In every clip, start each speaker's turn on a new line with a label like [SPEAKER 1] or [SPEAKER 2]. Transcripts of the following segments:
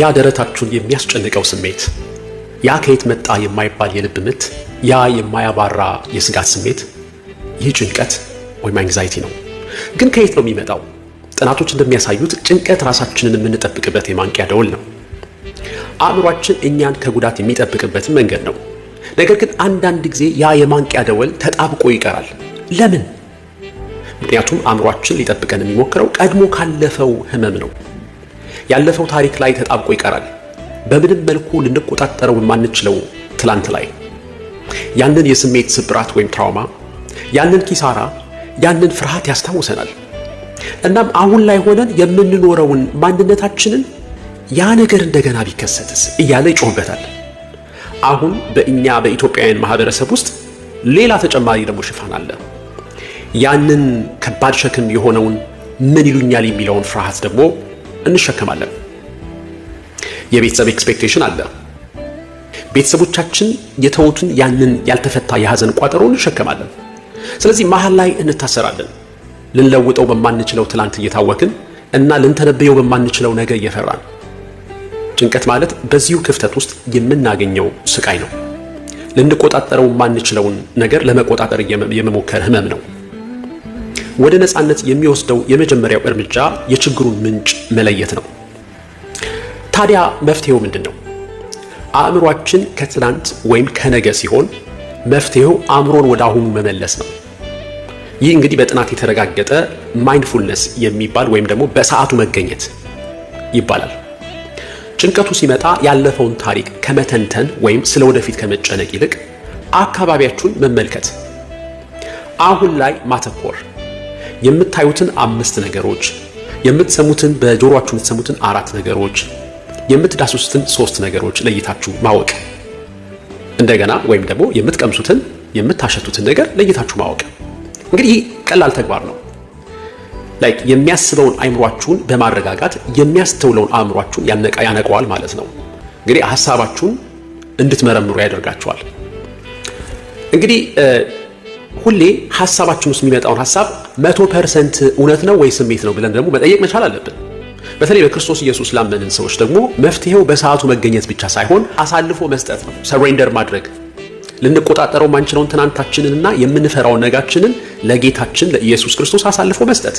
[SPEAKER 1] ያ ደረታችሁን የሚያስጨንቀው ስሜት፣ ያ ከየት መጣ የማይባል የልብ ምት፣ ያ የማያባራ የስጋት ስሜት፣ ይህ ጭንቀት ወይም አንግዛይቲ ነው። ግን ከየት ነው የሚመጣው? ጥናቶች እንደሚያሳዩት ጭንቀት ራሳችንን የምንጠብቅበት የማንቂያ ደወል ነው። አእምሯችን እኛን ከጉዳት የሚጠብቅበትን መንገድ ነው። ነገር ግን አንዳንድ ጊዜ ያ የማንቂያ ደወል ተጣብቆ ይቀራል። ለምን? ምክንያቱም አእምሯችን ሊጠብቀን የሚሞክረው ቀድሞ ካለፈው ህመም ነው። ያለፈው ታሪክ ላይ ተጣብቆ ይቀራል። በምንም መልኩ ልንቆጣጠረው የማንችለው ትላንት ላይ ያንን የስሜት ስብራት ወይም ትራውማ፣ ያንን ኪሳራ፣ ያንን ፍርሃት ያስታውሰናል። እናም አሁን ላይ ሆነን የምንኖረውን ማንነታችንን ያ ነገር እንደገና ቢከሰትስ እያለ ይጮህበታል። አሁን በእኛ በኢትዮጵያውያን ማህበረሰብ ውስጥ ሌላ ተጨማሪ ደግሞ ሽፋን አለ። ያንን ከባድ ሸክም የሆነውን ምን ይሉኛል የሚለውን ፍርሃት ደግሞ እንሸከማለን። የቤተሰብ ኤክስፔክቴሽን አለ። ቤተሰቦቻችን የተውቱን ያንን ያልተፈታ የሐዘን ቋጠሮ እንሸከማለን። ስለዚህ መሀል ላይ እንታሰራለን። ልንለውጠው በማንችለው ትላንት እየታወክን እና ልንተነበየው በማንችለው ነገ እየፈራን። ጭንቀት ማለት በዚሁ ክፍተት ውስጥ የምናገኘው ስቃይ ነው። ልንቆጣጠረው የማንችለውን ነገር ለመቆጣጠር የመሞከር ህመም ነው። ወደ ነፃነት የሚወስደው የመጀመሪያው እርምጃ የችግሩን ምንጭ መለየት ነው። ታዲያ መፍትሄው ምንድን ነው? አእምሯችን ከትናንት ወይም ከነገ ሲሆን መፍትሄው አእምሮን ወደ አሁኑ መመለስ ነው። ይህ እንግዲህ በጥናት የተረጋገጠ ማይንድፉልነስ የሚባል ወይም ደግሞ በሰዓቱ መገኘት ይባላል። ጭንቀቱ ሲመጣ ያለፈውን ታሪክ ከመተንተን ወይም ስለ ወደፊት ከመጨነቅ ይልቅ አካባቢያችሁን መመልከት፣ አሁን ላይ ማተኮር የምታዩትን አምስት ነገሮች፣ የምትሰሙትን በጆሮአችሁ የምትሰሙትን አራት ነገሮች፣ የምትዳስሱትን ሶስት ነገሮች ለይታችሁ ማወቅ እንደገና ወይም ደግሞ የምትቀምሱትን የምታሸቱትን ነገር ለይታችሁ ማወቅ። እንግዲህ ይህ ቀላል ተግባር ነው። ላይክ የሚያስበውን አይምሯችሁን በማረጋጋት የሚያስተውለውን አእምሯችሁን ያነቀዋል ማለት ነው። እንግዲህ ሀሳባችሁን እንድትመረምሩ ያደርጋችኋል። እንግዲህ ሁሌ ሀሳባችን ውስጥ የሚመጣውን ሀሳብ መቶ ፐርሰንት እውነት ነው ወይ ስሜት ነው ብለን ደግሞ መጠየቅ መቻል አለብን። በተለይ በክርስቶስ ኢየሱስ ላመንን ሰዎች ደግሞ መፍትሄው በሰዓቱ መገኘት ብቻ ሳይሆን አሳልፎ መስጠት ነው፣ ሰሬንደር ማድረግ ልንቆጣጠረው ማንችለውን ትናንታችንንና የምንፈራውን ነጋችንን ለጌታችን ለኢየሱስ ክርስቶስ አሳልፎ መስጠት።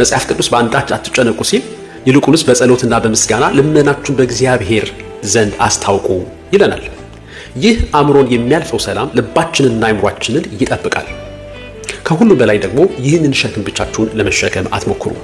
[SPEAKER 1] መጽሐፍ ቅዱስ በአንዳች አትጨነቁ ሲል ይልቁንስ በጸሎትና በምስጋና ልመናችሁን በእግዚአብሔር ዘንድ አስታውቁ ይለናል። ይህ አእምሮን የሚያልፈው ሰላም ልባችንንና አይምሯችንን ይጠብቃል። ከሁሉ በላይ ደግሞ ይህንን ሸክም ብቻችሁን ለመሸከም አትሞክሩ።